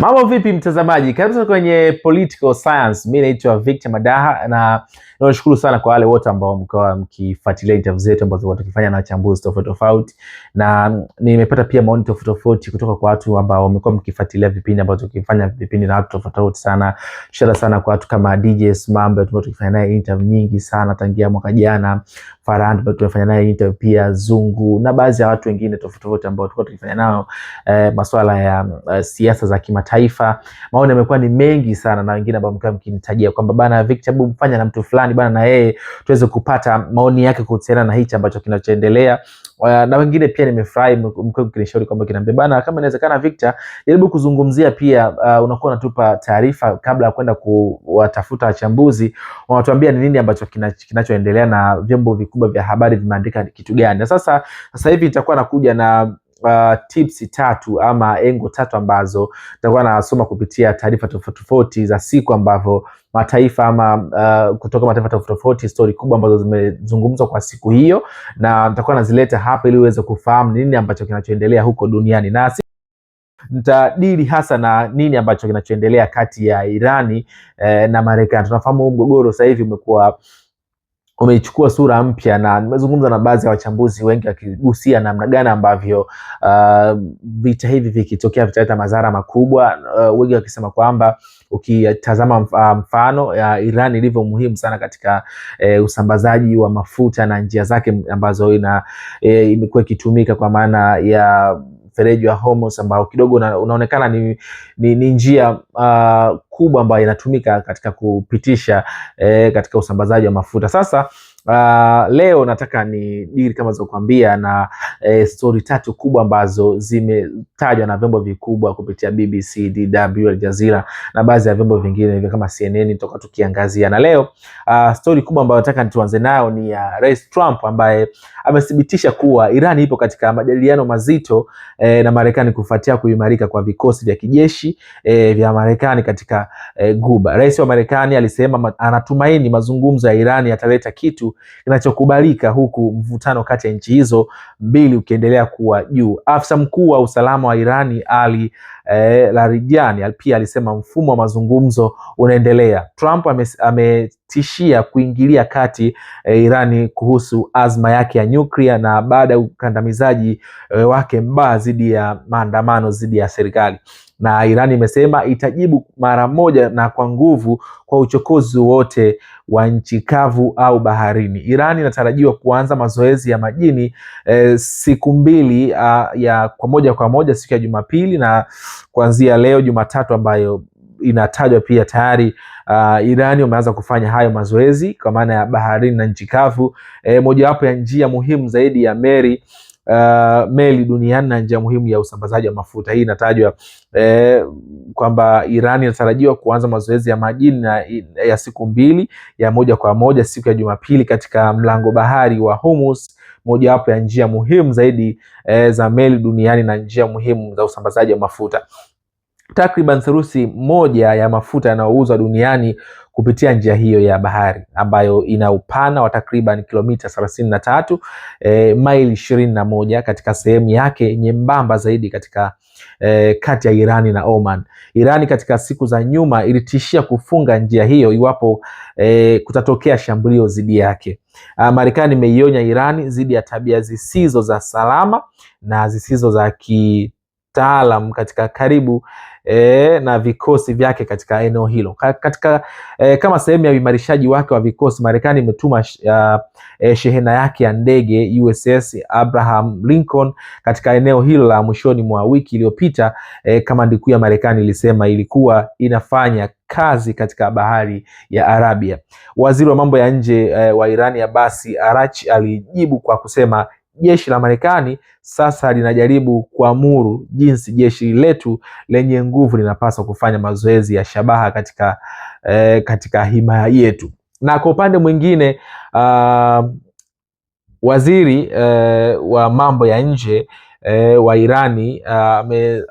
Mambo vipi mtazamaji, karibu sana kwenye Political Science. Mimi naitwa Victor Madaha na nashukuru sana kwa wale wote ambao mkawa mkifuatilia interview zetu ambazo tukifanya na wachambuzi tofauti tofauti, na nimepata pia maoni tofauti tofauti kutoka kwa watu ambao wamekuwa mkifuatilia vipindi ambavyo tukifanya vipindi na watu tofauti tofauti sana. Shukrani sana kwa watu kama DJ Smambe tumekuwa tukifanya naye interview nyingi sana tangia mwaka jana, Farhan ambao tumefanya naye interview pia, Zungu na baadhi ya watu wengine tofauti tofauti ambao tulikuwa tukifanya nao eh, masuala ya uh, siasa za kima kimataifa. Maoni yamekuwa ni mengi sana, na wengine ambao mkiwa mkinitajia kwamba bana Victor, hebu mfanya na mtu fulani bana, na yeye tuweze kupata maoni yake kuhusiana na hichi ambacho kinachoendelea na wengine pia nimefurahi mkiwa mkinishauri kwamba kinaambia bana, kama inawezekana Victor, jaribu kuzungumzia pia. Uh, unakuwa unatupa taarifa kabla ya kwenda kuwatafuta wachambuzi, wanatuambia ni nini ambacho kinachoendelea na vyombo vikubwa vya habari vimeandika kitu gani, na sasa sasa hivi nitakuwa nakuja na uh, tips tatu ama engo tatu ambazo nitakuwa nasoma kupitia taarifa tofauti tofauti za siku ambavyo mataifa ama uh, kutoka mataifa tofauti tofauti, stori kubwa ambazo zimezungumzwa kwa siku hiyo, na nitakuwa nazileta hapa ili uweze kufahamu nini ambacho kinachoendelea huko duniani na nitadili hasa na nini ambacho kinachoendelea kati ya Irani eh, na Marekani. Tunafahamu huu mgogoro sasa hivi umekuwa umeichukua sura mpya, na nimezungumza na baadhi ya wachambuzi wengi wakigusia namna gani ambavyo uh, vita hivi vikitokea vitaleta madhara makubwa uh, wengi wakisema kwamba ukitazama uh, mfano ya Iran ilivyo muhimu sana katika uh, usambazaji wa mafuta na njia zake ambazo ina uh, imekuwa ikitumika kwa maana ya mfereji wa Hormuz ambao kidogo una, unaonekana ni, ni, ni njia uh, kubwa ambayo inatumika katika kupitisha eh, katika usambazaji wa mafuta sasa Uh, leo nataka ni diri kama zilizokuambia na eh, stori tatu kubwa ambazo zimetajwa na vyombo vikubwa kupitia BBC, DW, Al Jazeera na baadhi ya vyombo vingine hivyo kama CNN toka tukiangazia. Na leo uh, ah, stori kubwa ambayo nataka nituanze nayo ni ya uh, Rais Trump ambaye amethibitisha kuwa Iran ipo katika majadiliano mazito eh, na Marekani kufuatia kuimarika kwa vikosi vya kijeshi eh, vya Marekani katika eh, Guba. Rais wa Marekani alisema anatumaini mazungumzo ya Iran yataleta kitu kinachokubalika, huku mvutano kati ya nchi hizo mbili ukiendelea kuwa juu. Afisa mkuu wa usalama wa Irani Ali eh, Larijani pia alisema mfumo wa mazungumzo unaendelea. Trump ametishia kuingilia kati eh, Irani kuhusu azma yake ya nyuklia na baada ya ukandamizaji eh, wake mbaya dhidi ya maandamano dhidi ya serikali na Iran imesema itajibu mara moja na kwa nguvu kwa uchokozi wote wa nchi kavu au baharini. Iran inatarajiwa kuanza mazoezi ya majini e, siku mbili a, ah, ya kwa moja kwa moja siku ya Jumapili na kuanzia leo Jumatatu ambayo inatajwa pia tayari uh, ah, Irani wameanza kufanya hayo mazoezi kwa maana ya baharini na nchi kavu. E, mojawapo ya njia muhimu zaidi ya meli uh, meli duniani na njia muhimu ya usambazaji wa mafuta. Hii inatajwa eh, kwamba Iran inatarajiwa kuanza mazoezi ya majini na ya siku mbili ya moja kwa moja siku ya Jumapili katika mlango bahari wa Hormuz, mojawapo ya njia muhimu zaidi eh, za meli duniani na njia muhimu za usambazaji wa mafuta. Takriban theluthi moja ya mafuta yanayouzwa duniani kupitia njia hiyo ya bahari ambayo ina upana wa takriban kilomita thelathini na tatu e, maili ishirini na moja katika sehemu yake nyembamba zaidi katika e, kati ya Irani na Oman. Irani katika siku za nyuma ilitishia kufunga njia hiyo iwapo e, kutatokea shambulio dhidi yake. Ah, Marekani imeionya Irani dhidi ya tabia zisizo za salama na zisizo za ki kitaalam katika karibu e, na vikosi vyake katika eneo hilo katika e, kama sehemu ya uimarishaji wake wa vikosi, Marekani imetuma e, shehena yake ya ndege USS Abraham Lincoln katika eneo hilo la mwishoni mwa wiki iliyopita. E, kamandi kuu ya Marekani ilisema ilikuwa inafanya kazi katika bahari ya Arabia. Waziri wa mambo ya nje e, wa Irani Abasi Arachi alijibu kwa kusema jeshi la Marekani sasa linajaribu kuamuru jinsi jeshi letu lenye nguvu linapaswa kufanya mazoezi ya shabaha katika, eh, katika himaya yetu. Na kwa upande mwingine uh, waziri uh, wa mambo ya nje uh, wa Irani uh,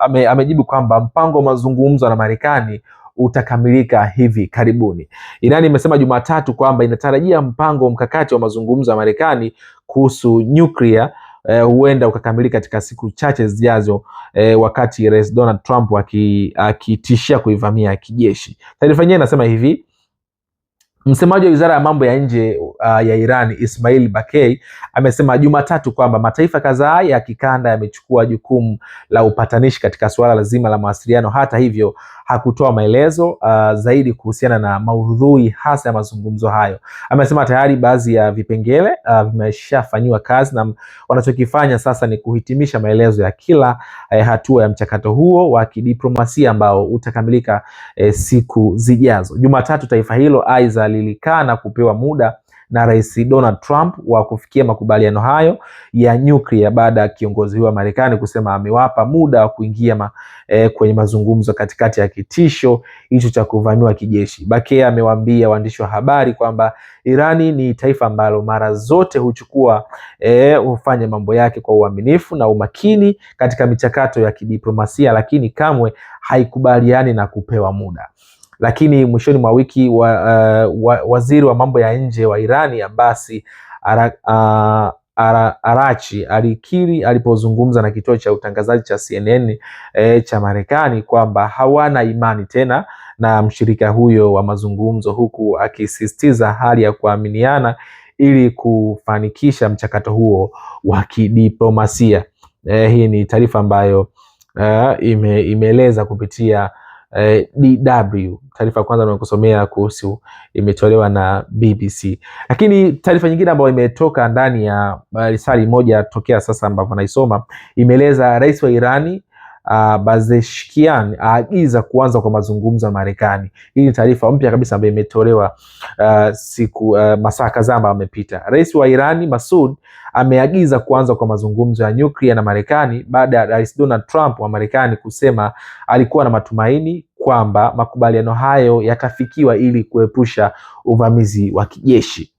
amejibu ame kwamba mpango wa mazungumzo na Marekani utakamilika hivi karibuni. Irani imesema Jumatatu kwamba inatarajia mpango mkakati wa mazungumzo ya Marekani kuhusu nyuklia huenda eh, huenda ukakamilika katika siku chache zijazo, uh, wakati Rais Donald Trump akitishia kuivamia kijeshi. Taarifa yenyewe inasema hivi Msemaji wa wizara ya mambo ya nje uh, ya Iran Ismail Bakei amesema Jumatatu kwamba mataifa kadhaa ya kikanda yamechukua jukumu la upatanishi katika suala zima la mawasiliano. Hata hivyo hakutoa maelezo uh, zaidi kuhusiana na maudhui hasa ya mazungumzo hayo. Amesema tayari baadhi ya vipengele uh, vimeshafanyiwa kazi na wanachokifanya sasa ni kuhitimisha maelezo ya kila uh, hatua ya mchakato huo wa kidiplomasia ambao utakamilika uh, siku zijazo. Jumatatu taifa hilo aiza lilikaa kupewa muda na Rais Donald Trump wa kufikia makubaliano hayo ya nyuklia baada ya kiongozi huyo wa Marekani kusema amewapa muda wa kuingia ma, eh, kwenye mazungumzo katikati ya kitisho hicho cha kuvamiwa kijeshi. Bakea amewaambia waandishi wa habari kwamba Irani ni taifa ambalo mara zote huchukua eh, hufanya mambo yake kwa uaminifu na umakini katika michakato ya kidiplomasia, lakini kamwe haikubaliani na kupewa muda. Lakini mwishoni mwa wiki wa, uh, wa, waziri wa mambo ya nje wa Irani Abasi ara, uh, Ara, Arachi alikiri alipozungumza na kituo cha utangazaji cha CNN eh, cha Marekani kwamba hawana imani tena na mshirika huyo wa mazungumzo, huku akisisitiza hali ya kuaminiana ili kufanikisha mchakato huo wa kidiplomasia. Eh, hii ni taarifa ambayo e, imeeleza kupitia eh, DW. Taarifa kwanza nimekusomea kuhusu imetolewa na BBC, lakini taarifa nyingine ambayo imetoka ndani ya eh, risali moja tokea sasa ambavyo naisoma, imeeleza rais wa Irani uh, aagiza kuanza kwa mazungumzo ya Marekani. Hii ni taarifa mpya kabisa ambayo imetolewa uh, siku uh, masaa kadhaa amepita. Rais wa Irani masud ameagiza kuanza kwa mazungumzo ya nyuklia na Marekani baada ya Rais Donald Trump wa Marekani kusema alikuwa na matumaini kwamba makubaliano hayo yatafikiwa ili kuepusha uvamizi wa kijeshi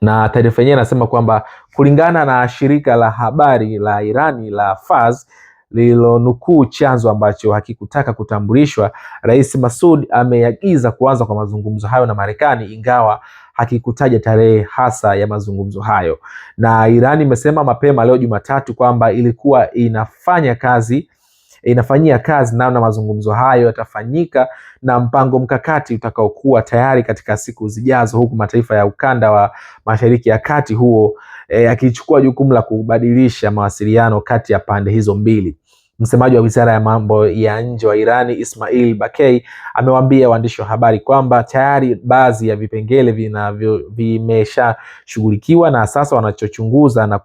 na taarifa yenyewe inasema kwamba kulingana na shirika la habari la Irani la Fars, lililonukuu chanzo ambacho hakikutaka kutambulishwa, Rais Masud ameagiza kuanza kwa mazungumzo hayo na Marekani, ingawa hakikutaja tarehe hasa ya mazungumzo hayo. Na Irani imesema mapema leo Jumatatu kwamba ilikuwa inafanya kazi inafanyia kazi namna mazungumzo hayo yatafanyika na mpango mkakati utakaokuwa tayari katika siku zijazo, huku mataifa ya ukanda wa Mashariki ya Kati huo e, akichukua jukumu la kubadilisha mawasiliano kati ya pande hizo mbili. Msemaji wa wizara ya mambo ya nje wa Irani Ismail Bakei amewaambia waandishi wa habari kwamba tayari baadhi ya vipengele vinavyo vimeshashughulikiwa na sasa wanachochunguza na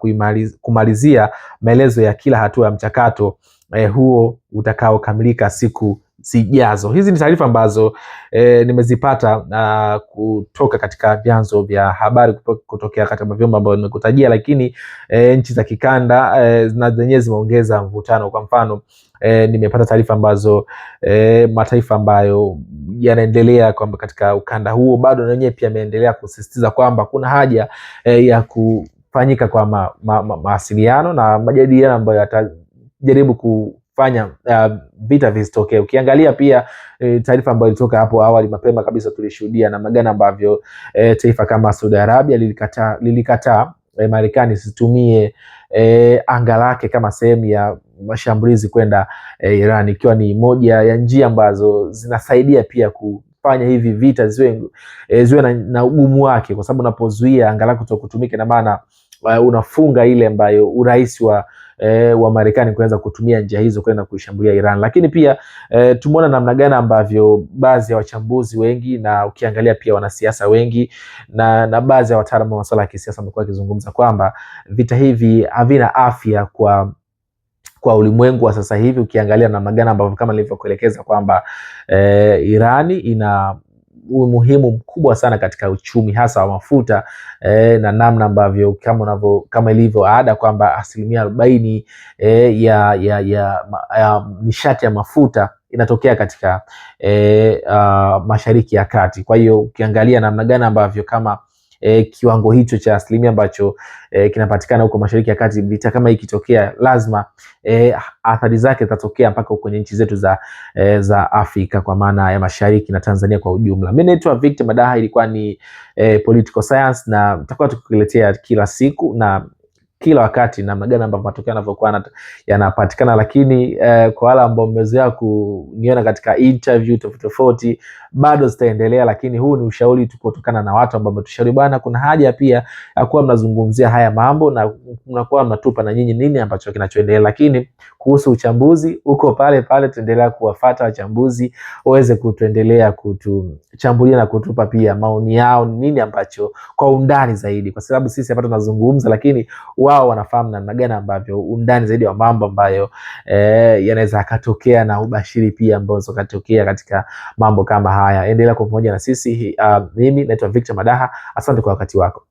kumalizia maelezo ya kila hatua ya mchakato eh, huo utakaokamilika siku zijazo. Hizi ni taarifa ambazo e, nimezipata na kutoka katika vyanzo vya habari kutokea katika vyombo ambavyo nimekutajia, lakini e, nchi za kikanda e, na zenyewe zimeongeza mvutano. Kwa mfano e, nimepata taarifa ambazo e, mataifa ambayo yanaendelea kwamba katika ukanda huo bado na wenyewe pia yameendelea kusisitiza kwamba kuna haja e, ya ku fanyika kwa ma, ma, ma, mawasiliano na majadiliano ambayo yatajaribu ku fanya uh, vita visitokee. Ukiangalia pia e, taarifa ambayo ilitoka hapo awali mapema kabisa, tulishuhudia namna gani ambavyo e, taifa kama Saudi Arabia lilikataa lilikataa eh, e, Marekani isitumie e, anga lake kama sehemu ya mashambulizi kwenda e, Iran, ikiwa ni moja ya njia ambazo zinasaidia pia ku fanya hivi vita ziwe, e, ziwe na, na ugumu wake, kwa sababu unapozuia anga lako na maana uh, unafunga ile ambayo urahisi wa e, wa Marekani kuweza kutumia njia hizo kwenda kuishambulia Iran. Lakini pia e, tumeona namna gani ambavyo baadhi ya wachambuzi wengi na ukiangalia pia wanasiasa wengi na, na baadhi ya wataalamu wa masuala ya kisiasa wamekuwa wakizungumza kwamba vita hivi havina afya kwa kwa ulimwengu wa sasa hivi, ukiangalia namna gani ambavyo kama nilivyokuelekeza kwamba eh, Irani ina umuhimu mkubwa sana katika uchumi hasa wa mafuta e, na namna ambavyo kama unavyo kama ilivyo ada kwamba asilimia arobaini eh, ya, ya, ya, ya nishati ya mafuta inatokea katika e, uh, Mashariki ya Kati. Kwa hiyo ukiangalia namna gani ambavyo kama e, kiwango hicho cha asilimia ambacho e, kinapatikana huko Mashariki ya Kati, vita kama ikitokea lazima e, athari zake zitatokea mpaka kwenye nchi zetu za, e, za Afrika kwa maana ya Mashariki na Tanzania kwa ujumla. Mimi naitwa Victor Madaha, ilikuwa ni e, Political Science na tutakuwa tukikuletea kila siku na kila wakati namna gani ambavyo matokeo yanavyokuwa yanapatikana, lakini eh, kwa wale ambao mmezoea kuniona katika interview tofauti tofauti, bado zitaendelea, lakini huu ni ushauri tu kutokana na watu ambao wametushauri bwana, kuna haja pia ya kuwa mnazungumzia haya mambo na mnakuwa mnatupa na nyinyi nini ambacho kinachoendelea. Lakini kuhusu uchambuzi uko pale pale, tuendelea kuwafata wachambuzi waweze kutuendelea kutuchambulia na kutupa pia maoni yao nini ambacho kwa undani zaidi, kwa sababu sisi hapa tunazungumza, lakini wao wanafahamu namna gani ambavyo undani zaidi wa mambo ambayo eh, yanaweza akatokea na ubashiri pia ambao ukatokea katika mambo kama haya. Endelea kwa pamoja na sisi. Uh, mimi naitwa Victor Madaha, asante kwa wakati wako.